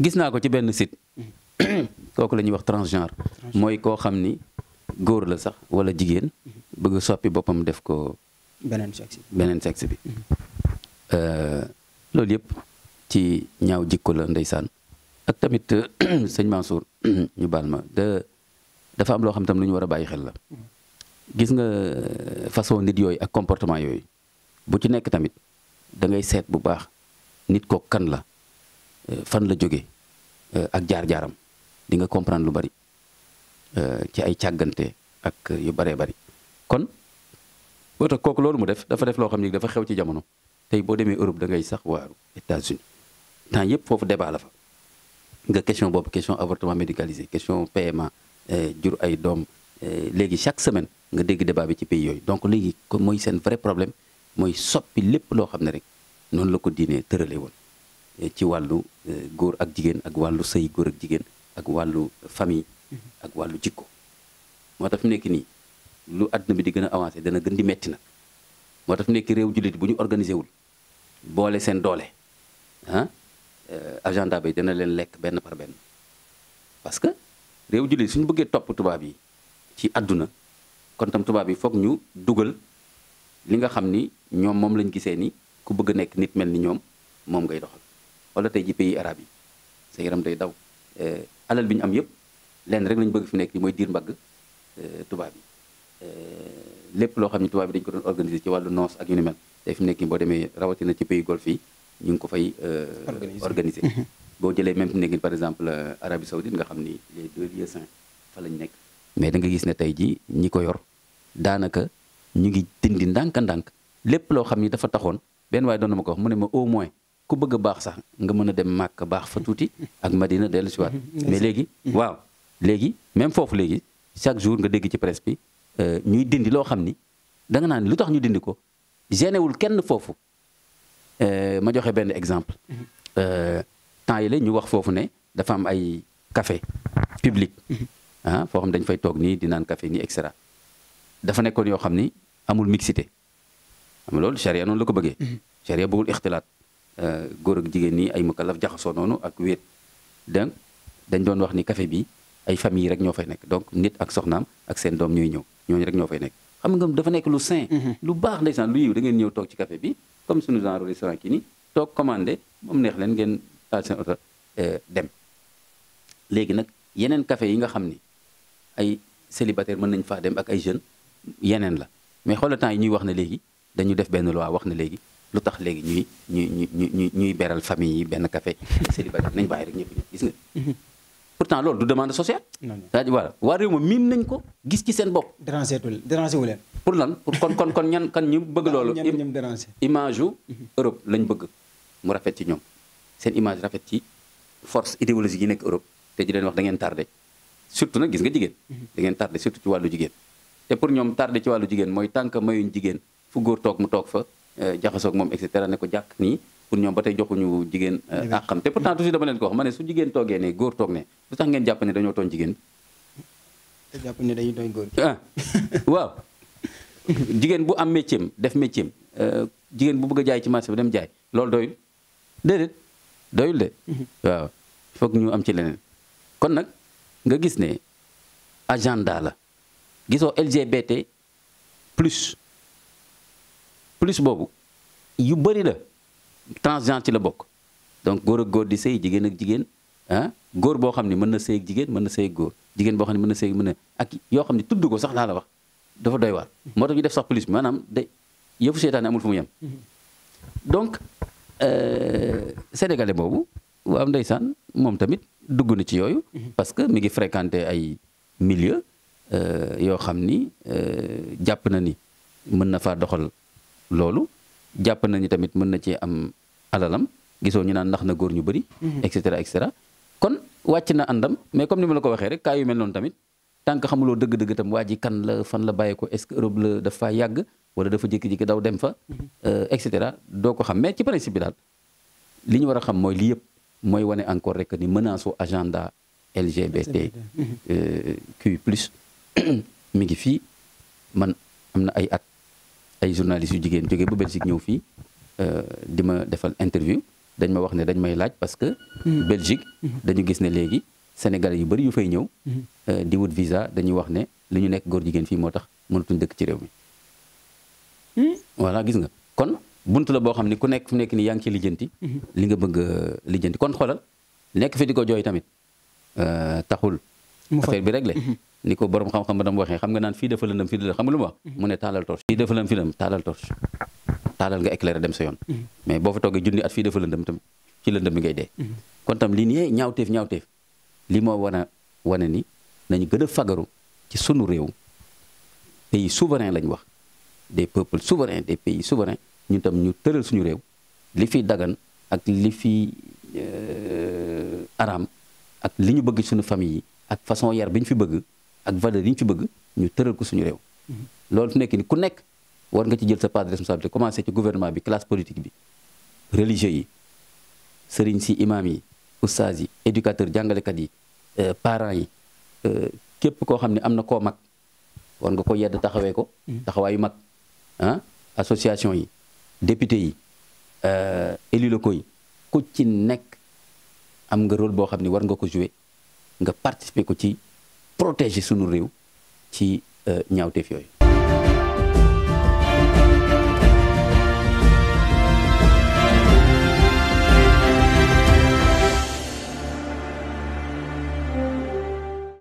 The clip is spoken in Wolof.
gis naa ko ci benn site kooku lañuy ñuy wax transgenre mooy koo xam ni góor la sax wala jigéen mm-hmm. bëgg soppi boppam def ko beneen sexe bi beneen sexe bi mm-hmm. euh, loolu yëpp ci ñaaw jikko la ndeysaan ak tamit euh, sëñ Mansour ñu baal ma dafa am loo xam tam lu ñu war a bàyyi xel la mm-hmm. gis nga euh, façon nit yooyu ak comportement yooyu bu ci nekk tamit da ngay seet bu baax nit ko kan la Euh, fan la jóge euh, ak jaar-jaaram di nga comprendre lu bari euh, ci ay càggante ak yu baree bari kon boo tax kooku loolu mu def dafa def loo xam ni dafa xew ci jamono tey boo demee Europe da ngay sax waaru États-Unis temps yëpp foofu débat fa nga question boobu question avortement médicalisé question PMA jur ay doom léegi chaque semaine nga dégg débat bi ci pays yooyu donc léegi mooy seen vrai problème mooy soppi lépp loo xam ne rek noonu la ko diinee tërale woon ci wàllu euh, góor ak jigéen ak wàllu sëy góor ak jigéen ak wàllu famille mm-hmm. ak wàllu jikko moo tax fi nekk nii lu àdduna bi di gën a avancé dana gën di metti nag moo tax fi nekk réew jullit bu ñu organisé wul boole seen doole ah euh, agenda bi dana leen lekk benn par benn parce que réew jullit suñu bëggee topp tubaab yi ci àdduna kon tam tubaab yi foog ñu dugal li nga xam ni ñoom moom lañ gisee ni ku bëgg a nekk nit mel ni ñoom moom ngay doxal wala tey ji pays arabe yi sa yaram day daw eh, alal bi ñu am yëpp lenn rek lañu bëgg fi nekk yi mooy diir mbagg eh, tubaab yi eh, lépp loo xam ne tubaab yi dañ ko doon organiser ci wàllu noos ak yu ni mel tey boo demee rawatina ci pays golf yi ñu ko fay organiser mhm. boo jëlee même fi mu nekk par exemple Arabie Saoudite nga xam ni les deux lieux saints fa lañ nekk mais da nga gis ne tey ji ñi ko yor daanaka ñu ngi dindi ndànk-ndànk lépp loo xam ni dafa taxoon benn waaye doon na ma ko wax mu ne ma au moins ku bëgg baax sax nga mën a dem màkk baax fa tuuti ak madina dellu si waat mm-hmm. mais léegi mm-hmm. waaw léegi même foofu léegi chaque jour nga dégg ci presse bi euh, ñuy dindi loo xam ni da nga naan lu tax ñu dindi ko génewul kenn foofu euh, ma joxe benn exemple mm-hmm. euh, temps yi la ñu wax foofu ne dafa am ay kafe public ah foo xam dañ fay toog nii di naan kafe nii et dafa nekkoon yoo xam ni amul mixité am loolu charia noonu la ko bëggee charia bëggul ixtilaat Euh, góor ak jigéen ñi ay mukalaf jaxasoo noonu ak wéet donc dañ doon wax ni kafe bii ay famille rek ñoo fay nekk donc nit ak soxnaam ak seen doom ñuy ñëw ñooñu rek ñoo fay nekk xam nga dafa nekk lu sain mm-hmm. lu baax ndeysaan lu yiw da ngeen ñëw toog ci kafe bi comme suñu genre restaurant ki nii toog commandé moom neex leen ngeen taal seen oto euh, dem léegi nag yeneen kafe yi nga xam ni ay célibataire mën nañ faa dem ak ay jeunes yeneen la mais xoolal temps yi ñuy wax ne léegi dañu def benn loi wax ne léegi lu tax léegi ñuy ñuy ñuy ñuy ñuy beral famille yi benn café célibataire nañ bàyyi rek ñëpp ñëpp gis nga. Mhm. pourtant loolu du demande sociale. c'est-à-dire voilà waa réew ma miin nañ ko gis ci seen bopp. déranger du déranger wu leen. pour lan pour kon kon kon ñan kan ñu bëgg loolu. image yu mhm. Europe lañ bëgg mu rafet ci ñoom seen image rafet ci force idéologique yi nekk Europe te di leen wax da ngeen tardé surtout nag gis nga jigéen. Mhm. da ngeen tardé surtout ci wàllu jigéen. te pour ñoom tardé ci wàllu jigéen mooy tant que mayuñ jigéen fu góor toog mu toog Euh, jaxasoog moom et cetera ne ko jàkk nii pour ñoom ba tey joxuñu euh, jigéen àqam te pourtant toujours dama leen ko wax ma ne su jigéen toogee ne góor toog ne jàpp ne dañoo tooñ jigéen ne dañu tooñ góor ah waaw jigéen bu am métier def métier euh, jigéen bu bëgg jaay ci marché bi dem jaay loolu doyul déedéet doyul de mhm. waaw foog ñu am ci leneen kon nag nga gis ne agenda la gisoo LGBT plus plus boobu yu bëri la transgenre ci la bokk donc góor ak góor di sëy jigéen ak jigéen ah góor boo xam ne mën na sëy ak jigéen mën na sëy ak góor jigéen boo xam ne mën na sëy mën na ak yoo xam ne tudd ko sax laa la wax dafa doy waar mm-hmm. moo tax ñu def sax plus bi maanaam de yëfu seetaane amul fu mu yem mm-hmm. donc euh, sénégalais boobu waaw ndeysaan moom tamit dugg na ci yooyu mm-hmm. parce que mu ngi fréquenté ay milieu euh, yoo xam ni euh, jàpp na ni mën na faa doxal loolu jàpp nañu tamit mën na cee am alalam gisoo ñu naan ndax na góor ñu bëri. Mhm. et cetera et cetera kon wàcc na àndam mais comme ni ma la ko waxee rek kaa yu mel noonu tamit tant que xamuloo dëgg-dëgg tam waa ji kan la fan la bàyyeekoo est Europe la dafa faa yàgg wala dafa jékki-jékki daw dem fa. Mhm. Euh, et cetera doo ko xam mais ci principe bi daal li ñu war a xam mooy li yëpp mooy wane encore rek ni menace au agenda LGBT. Euh, Q plus mi ngi fii man am na ay at. ay journalistes yu jigéen jóge ba Belgique ñëw fii euh, di ma defal interview dañ ma wax ne dañ may laaj parce que mm-hmm. Belgique mm-hmm. dañu gis ne léegi Sénégalais yu bëri yu fay ñëw mm-hmm. euh, di wut visa dañuy wax ne li ñu nekk góor jigéen fii moo tax mënatuñ dëkk ci réew mi voilà gis nga kon bunt la boo xam ni ku nekk fu nekk nii yaa ngi ci lijjanti li nga bëgg euh, lijjanti kon xoolal nekk fi di ko jooy tamit taxul affaire bi réglé mhm. ni ko boroom xam-xam ba dam waxee xam nga naan fii dafa lëndëm fii dafa xam nga lu mu wax mhm. mu ne taalal torche fii dafa lëndëm fii lëndëm taalal torche taalal nga éclairer dem sa yoon mhm. mais boo fa toogee junni at fii dafa lëndëm tam ci lëndëm bi ngay dee kon tam lii nii ñaawteef ñaawteef li moo war a wane ni nañu gën a fagaru ci sunu réew pays souverain lañ wax des peuples souverains de pays souverains ñun tam ñu tëral suñu réew li fi daggan ak li fii euh, araam ak li ñu bëgg suñu famille yi ak façon yar bi ñu fi bëgg ak valeur li ñu fi bëgg ñu tëral ko suñu réew loolu fi nekk ni ku nekk war nga ci jël sa part de responsabilité commencé ci gouvernement bi classe politique bi religieux yi sëriñ si imam yi oustaz yi éducateur jàngalekat yi euh, parent yi euh, képp koo xam ne am na koo mag war nga ko yedd taxawee ko mm-hmm. taxawaayu mag ah, association yi député yi euh, élus locaux yi ku ci nekk am nga rôle boo xam ne war nga ko jouer nga participer ko ci protéger sunu réew ci euh, ñaawteef yooyu.